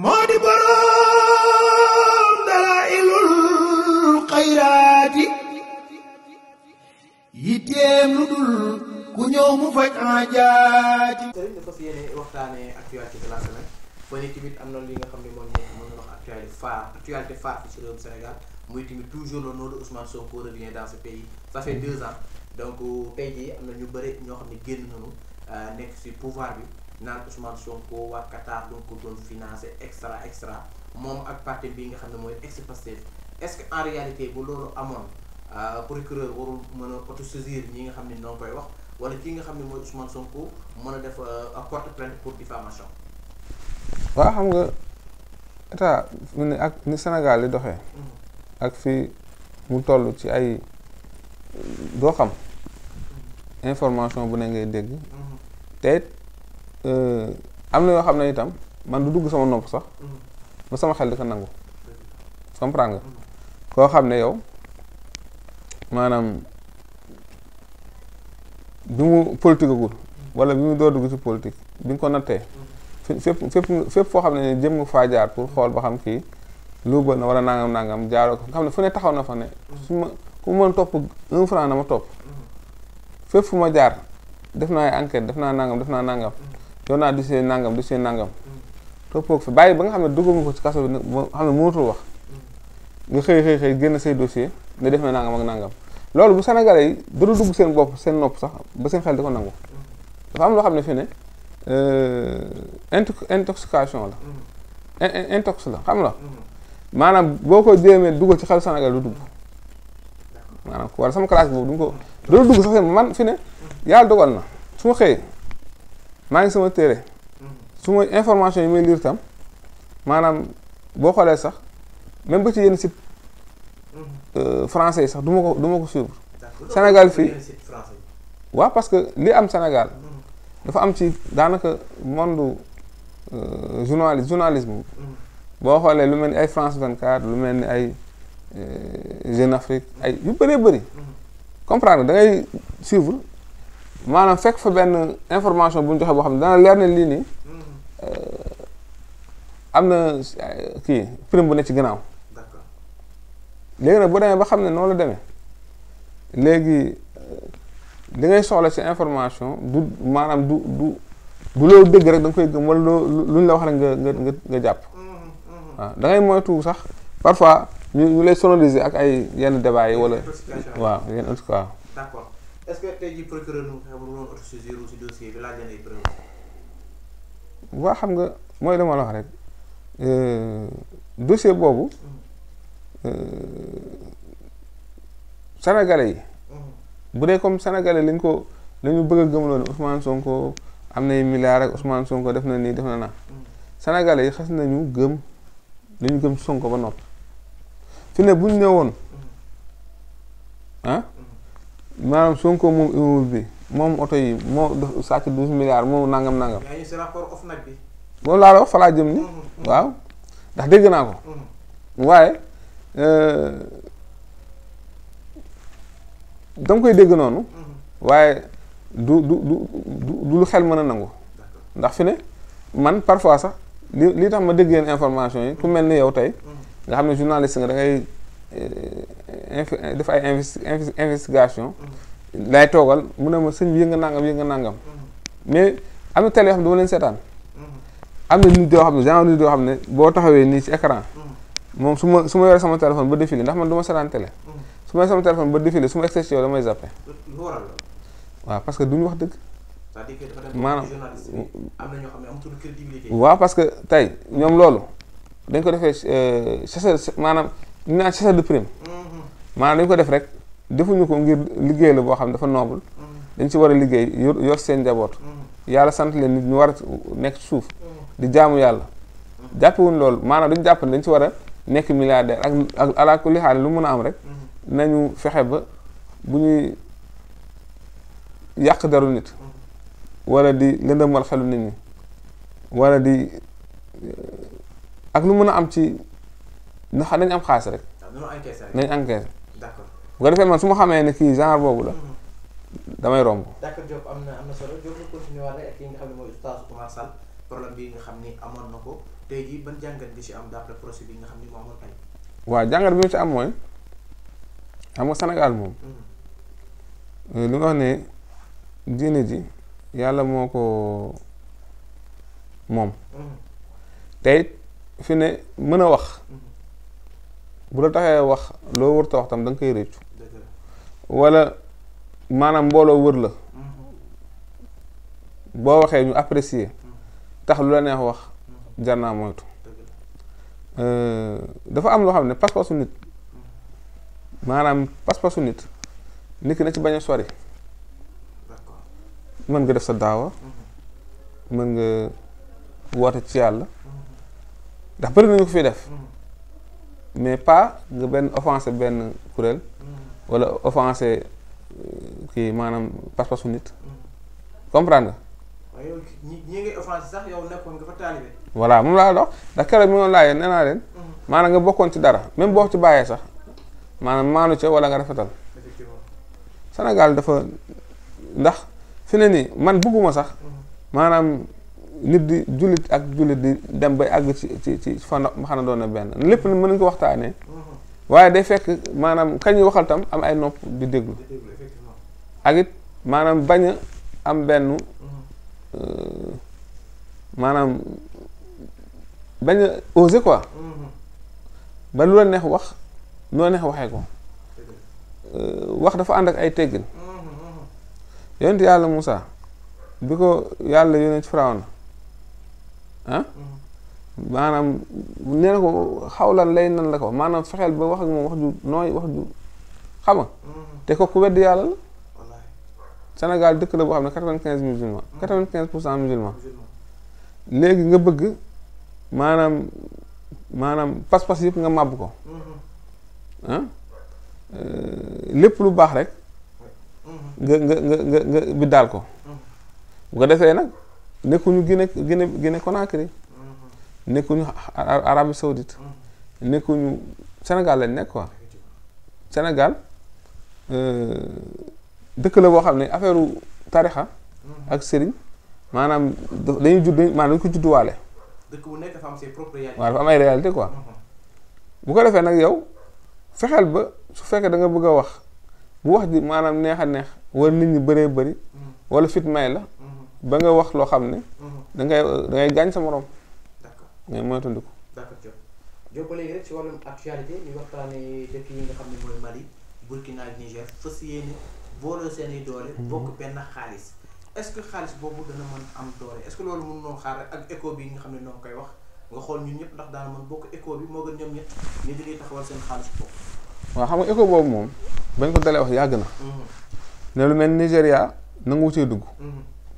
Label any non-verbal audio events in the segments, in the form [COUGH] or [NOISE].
moo di boroom dalailul xayraati yitteem lu dul ku ñëw mu faj aajaati sëriñ dafa si yéene waxtaanee actualité de la semaine ba ni tamit am na li nga xam ne moom nekk mën na wax actualité phare actualité phare ci réewum Sénégal muy tamit toujours le nom de Ousmane Sonko revient dans ce pays ça fait deux ans donc tey am na ñu bari ñoo xam ne génn nañu euh, nekk si pouvoir bi naan Ousmane Sonko waa Qatar donc ko doon financé extra extra moom ak parti bi nga xam ne mooy ex-Pastef est-ce que en réalité bu loolu amoon euh, procureur warul mën a auto-saisir nga xam ne noonu koy wax wala ki nga xam ne mooy Ousmane Sonko mën a def euh, pour diffamation waaw xam nga état mu ne ak ni Sénégal li doxee mm-hmm. ak fii mu toll ci ay doo xam mm-hmm. information bu ne ngay dégg mm-hmm. te Euh, am na yoo xam ne itam man du dugg sama nopp sax ba sama xel di ko nangu comprendre nga koo xam ne yow maanaam bi mu politique agul wala bi mu doo dugg si politique bi nga ko nattee fépp fépp foo xam ne jëm nga faa jaar pour xool ba xam kii luubal na wala nangam nangam jaaroo ko nga xam ne fu ne taxaw na fa ne su ma ku mën topp un franc ma topp fépp fu ma jaar def naa ay def naa nangam def naa nangam doon naa du see nangam du see nangam. toppoog fi bàyyi ba nga xam ne dugguma ko ci kaso bi nga xam ne mu wax. nga génn say dossier ne def na nangam ak nangam loolu bu Sénégalais yi dana dugg seen bopp seen nopp sax ba seen xel di ko nangu. dafa am loo xam ne fi ne euh, intox intoxication maanaam boo ko jéemee dugg ci xel Sénégal du dugg. maanaam wala sama classe boobu du ko dana dugg sax seen man fi yàlla dogal na su ma xëyee. maa ngi sama téere su information yi may lire tam maanaam boo xoolee sax même ba ci yenn site euh, français yi sax duma ma ko du ko suivre Sénégal fii waaw parce que li am Sénégal hmm. dafa am ci daanaka monde euh, journaliste journalisme hmm. boo xoolee lu mel ni ay France 24 lu mel ni ay euh, Jeune Afrique ay yu bëree bëri hmm. comprendre da ngay suivre maanaam fekk fa benn information bu ñu joxe boo xam ne dana leer ne lii nii euh, am na euh, kii prime bu nekk ci gannaaw léegi nag bu demee ba xam ne noonu la demee léegi euh, li ngay soxla si information du maanaam du du du loo dégg rek da koy gëm wala loo luñ la wax rek nga nga nga jàpp waaw moytu sax parfois ñu ñu lay sonoriser ak ay yenn débat yi wala waaw yenn en est-ce que tey jii waa xam nga mooy li la wax rek euh, dossier boobu mm-hmm. euh, sénégalais yi. Mm-hmm. bu dee comme sénégalais lañ ko lañu bëgg a gëmloo ne Ousmane Sonko am na nay milliards rek Ousmane Sonko def na nii def na naa. Mm-hmm. sénégalais yi xas nañu gëm li gëm Sonko ba noppi. fi bu ñu ne woon ah, maanaam Sonko moom immeuble bi moom oto yi moo sàcc douze milliards moom nangam nangam. yaa ngi si rapport of nag bi. moom laa la wax fa jëm ni mhm, mhm. waaw ndax dégg naa ko. Mhm. waaye euh, dama koy dégg noonu. waaye du du du du lu xel mën a nangu. ndax fi ne man parfois sax li lii tax ma dégg yenn information yi ku mel ni yow tey. nga xam ne journaliste nga da Euh, inf def ay investi investigation. lay toogal mu ne ma sëñ bi yënga nangam nga nangam. mais am na télé yoo xam ne dama leen seetaan. am na nit yoo xam ne boo taxawee nii ci écran moom su ma su ma yore sama téléphone ba défilé ndax man du ma seetaan télé. su ma yore sama téléphone ba défilé su ma excès ci yow damay zappé. waaw parce que duñu wax dëgg. maanaam am na ñoo parce que tey ñoom loolu dañ ko defee euh, chasseur maanaam. naan chasseur de prime maanaam dañ ko def rek defuñu ko ngir liggéey la boo xam ne dafa noble dañ ci war a liggéey yor yor seen njaboot yàlla sant leen nit ñu war a nekk ci suuf di jaamu yàlla jàppewuñ loolu maanaam dañu jàpp ne dañ ci war a nekk milliardaire ak ak ala lu mën a am rek nañu fexe ba bu ñuy yàq daru nit wala di lëndëmal xelu nit ñi wala di ak lu mën a am ci ndax nañ am xaas rek. Ah, nañu encaissé d'accord bu ko defee su ma xamee ne kii genre boobu la. Mm-hmm. damay romb. d'accord Diop am na am na solo Diop ñu continué xam ne mooy oustaz bi ko tey jii ban bi ci am d'après procès bi nga xam ni moo amoon tey. bi mu ci am mooy xam nga Sénégal moom. Mm-hmm. Euh, li nga wax ne diine ji yàlla moo ko moom. Mm-hmm. tey fi ne mën a wax. bu la taxee wax loo wërta wax tam da nga koy réccu wala maanaam mbooloo wër la boo waxee ñu apprécier tax lu la neex wax jar naa moytu euh, dafa am loo xam ne pas-pasu nit maanaam pas-pasu nit nit ki na ci bañ a sori mën nga def sa daawa mën nga woote ci yàlla ndax bëri nañu ko fi def mais pas nga ben offenser ben kuréel wala offenser euh, ki manam pas-pasu nit mm. comprendre nga. waaye yow ñi ñi ngay offensé sax yow nekkoon nga fa taalibe. voilà moom laa dox ndax keroog mi noonu laajee nee naa leen. Mm-hmm. maanaam nga bokkoon ci dara même boo ci bàyyee sax maanaam maanu ca wala nga rafetal. Sénégal dafa ndax fi ne man bugguma sax mm-hmm. lit di jullit ak jullit di dem bay àgg ci ci ci fan ma xam doon na benn lépp mën nañu ko waxtaanee. Mhm. waaye day fekk maanaam kañ ñu waxal tam am ay nopp di déglu. ak maanaam bañ a am benn mhm. euh, maanaam bañ a osé quoi. Mhm. ba lu la neex wax noo neex waxee ko. Euh, wax dafa ànd ak ay teggin. yonent yàlla Moussa bi ko yàlla yónnee ci Firawna ah maanaam nee na ko xawlan lay nan la ko maanaam fexeel ba wax ak moom wax ju nooy wax ju xama mm-hmm. te ko ku wedd yàlla la Sénégal dëkk la boo xam ne quatre-vingt-quinze musulmans mm-hmm. quatre-vingt-quinze pour cent musulmans léegi nga bëgg maanaam maanaam pas-pas yëpp nga màbb ko mm-hmm. ah? euh, lépp lu baax rek nga nga nga nga nga biddaal ko bu ko defee nag nekkuñu Guinée Guinée Guinée Conakry mm-hmm. nekkuñu Arabie Saoudite mm-hmm. nekkuñu Sénégal lañ nekk quoi Sénégal euh, dëkk la boo xam ne affaire tarixa mm-hmm. ak sëriñ maanaam dañuy judd maanaam dañu ko judduwaale. dëkk bu nekk dafa am ses propres réalités. réalité quoi. bu ko defee nag yow fexeel ba su fekkee danga nga bëgg a wax bu wax ji maanaam neex a neex wala nit ñi bëree bari wala fit may la. ba nga wax loo xam ne. Mhm. da ngay da ngay gaañ sa morom. d'accord ngay moytandiku. d'accord Diop Diop ba léegi rek ci wàllum actualité ñu waxtaanee dëkk yi nga xam ne mooy Mali Burkina ak Niger seen doole. Mhm. bokk benn xaalis. est-ce que xaalis boobu dana mën am doole est-ce que loolu mën nga xam ne noo koy wax nga xool ñëpp ndax daana mën bokk moo gën ñoom ñett ñu dañuy taxawal seen xaalis boobu. waaw moom bañ ko dalee wax yàgg na. Mhm. ne lu mel Nigéria nangu wutee dugg.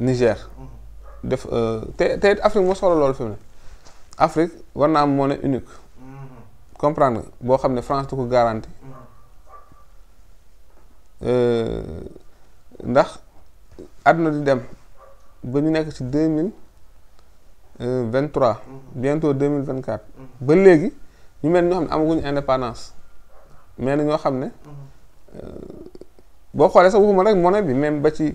Niger. def euh, te te Afrique moo soxla loolu fi mu Afrique war naa am monnaie unique. comprendre boo xam ne France du ko garanti. Euh, ndax àdduna di dem ba ñu nekk ci deux mille euh, vingt trois. bientôt deux mille vingt quatre. ba léegi ñu mel ñoo xam ne amaguñu indépendance mais na ñoo xam ne. boo xoolee sax waxuma rek monnaie bi même ba ci.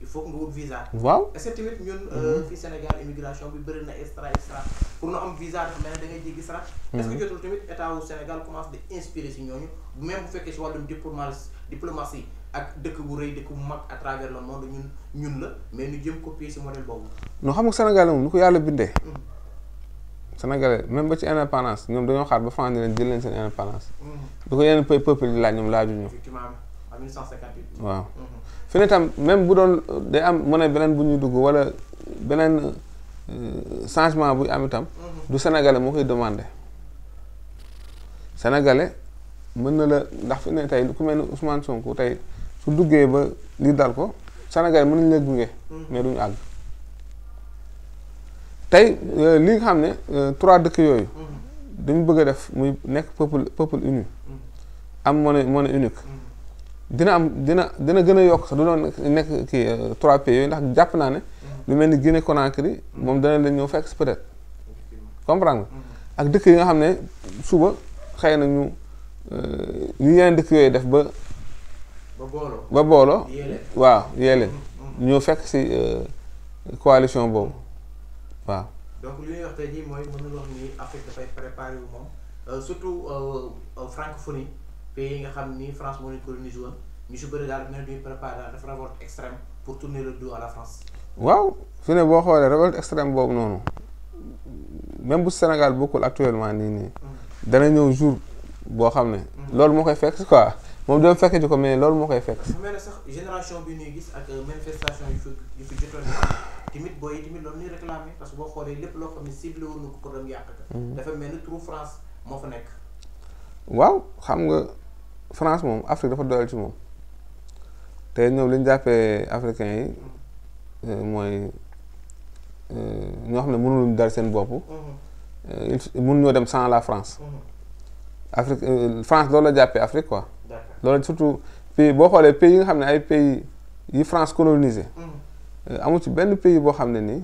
il faut que nga wut visa. waaw est tamit ñun. Euh, mhm. fii Sénégal immigration bi bëri na extra extra pour nga am visa dafa mel ne da ngay jéggi sarax. est-ce que mhm. jotul tamit état wu Sénégal commence di inspirer si ñooñu même bu fekkee si wàllum diplomatie diplomatie ak dëkk bu rëy dëkk bu mag à travers le monde ñun ñun la mais ñu jëm copier si modèle boobu. non xam nga Sénégal moom lu ko yàlla bindee. Mhm. Sénégalais même ba ci indépendance ñoom dañoo xaar ba France ne leen jël leen seen indépendance. du ko fi ne tam même bu doon day am monnaie beneen bu ñuy dugg wala beneen euh, changement buy am itam mhm. du sénégalais moo koy demandé sénégalais mën na la ndax fi ne tey ku mel ni Ousmane Sonko tey su duggee ba lii dal ko sénégalais mën nañu la gunge mhm. mais duñu àgg tey euh, li nga xam ne euh, trois dëkk yooyu mhm. dañu bëgg a def muy nekk peuple peuple uni am monnaie monnaie unique dina am dina dina gën a yokk sax du doon nekk kii euh, trois pays yooyu ndax jàpp naa ne. lu mel ni Guinée Conakry moom dana leen ñëw fekk peut-être comprendre mm-hmm. ak dëkk yi nga xam ne suba xëy na ñu ñu euh, yeneen def ba. ba booloo ba booloo. waaw mm-hmm. ñoo fekk si euh, coalition boobu waaw. donc li ñuy wax tey jii mooy mën na francophonie. pays nga xam ni France moo leen colonise woon ñu si bëri daal mel ni préparé daal dafa révolte extrême pour tourner le dos à la France. waaw su ne boo xoolee révolte extrême boobu noonu même bu Sénégal bokkul actuellement nii nii. Mm. dana ñëw jour boo xam ne. Mm. loolu moo koy fekk quoi moom doo fekk ji ko mais loolu moo koy fekk. bu mel sax génération bi ñuy gis ak euh, manifestation yu fi yu fi jotoon timit booy yi timit loolu ñuy réclamé parce que boo xoolee lépp loo xam ne ciblé woon na ko pour dem yàq. Mm. dafa mel ni trou France moo fa nekk. waaw xam nga. France moom Afrique dafa doyal ci moom te ñoom li ñu jàppee africain yi euh, mooy euh, ñoo xam ne mënul dal seen bopp. Mhm. Euh, mënu ñoo dem sans la France. Mhm. Afrique France loolu la jàppee Afrique quoi. loolu surtout pays boo xoolee pays yi nga xam ne ay pays yi France colonisé. Mhm. amul ci benn pays boo xam ne nii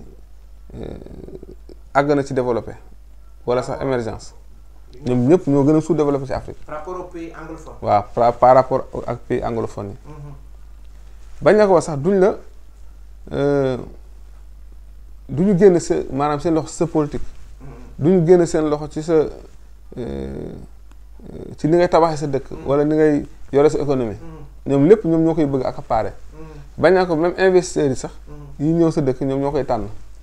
àgg na ci développé wala sax ah. émergence. ñom ñep ñoo gëna sous développé ci Afrique. par rapport au pays anglophone. wa par rapport ak pays anglophone yi. Mm-hmm. bañ la ko wax sax duñ la euh, duñu génn sa maanaam seen loxo sa politique. Mm-hmm. duñu génn seen loxo ci sa euh, euh, ci ni ngay tabaxé sa dëkk. Mm-hmm. wala ni ngay yoré sa économie. ñom lépp ñom ñokay bëgg ak accaparer. bañ naa ko même investisseur yi sax. yi ñëw sa dëkk ñom ñokay koy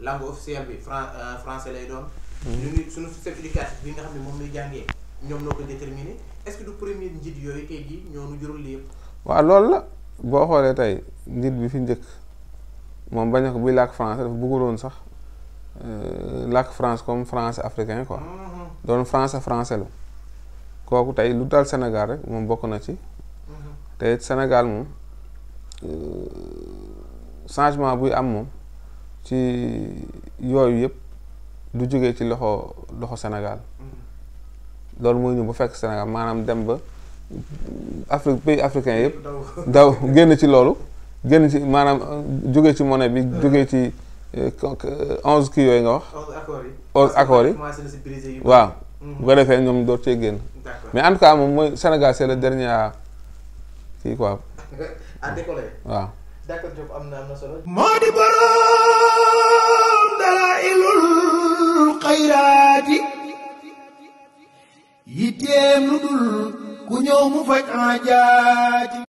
langue officielle euh, français lay doon. Mhm. ñu suñu ne lay est-ce que vous premier nous yooyu tey jii nous lii. la bi fi français sax euh, France comme français africain quoi. Mm-hmm. doon français la kooku lu Sénégal rek bokk na ci. Mm-hmm. Sénégal euh, ci yooyu yëpp du jógee ci loxo loxo Sénégal mm-hmm. loolu mooy ñu bu fekk Sénégal maanaam dem ba Afrique pays africain yëpp daw génn ci loolu génn ci maanaam euh, jógee ci monnaie bi mm-hmm. jógee ci euh, euh, onze kii yooyu nga wax onze accords yi waaw bu ko defee ñoom door cee génn mais en tout cas moom mooy Sénégal c'est le dernier à kii quoi [LAUGHS] waaw d'accord Diop am na am na solo. moo di boroom dalailul xayraati yitteem lu dul ku ñëw mu faj aajaati